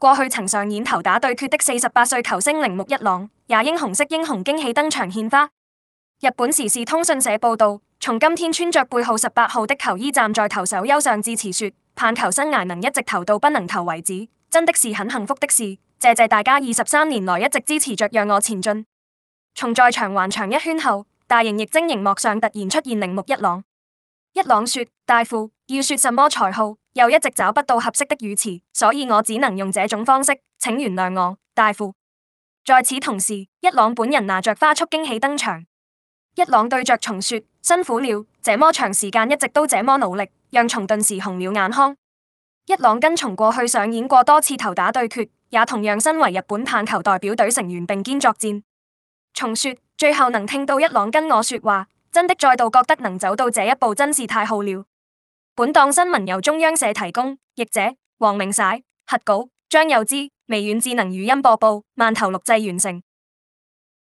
過去曾上演投打對決的四十八歲球星鈴木一朗，也英雄惜英雄驚喜登場獻花。日本時事通訊社報道，從今天穿着背號十八號的球衣站在投手丘上致辭說，棒球生涯能一直投到不能投為止，真的是很幸福的事。謝謝大家二十三年來一直支持着讓我前進。從在場環場一圈後，大型液晶熒幕上突然出現鈴木一朗。一朗說：大輔要說什麼才好？又一直找不到合適的語詞，所以我只能用這種方式，請原諒我，大輔。在此同時，一朗本人拿着花束驚喜登場。一朗對着松說：辛苦了，這麼長時間一直都這麼努力，讓松頓時紅了眼眶。一朗跟松過去上演過多次投打對決，也同樣身為日本棒球代表隊成員並肩作戰。松說：最後能聽到一朗跟我說話，真的再度覺得能走到這一步真是太好了。本檔新聞由中央社提供，譯者：黃明璽，核稿：張佑之，微軟智能語音播報，萬頭錄製完成。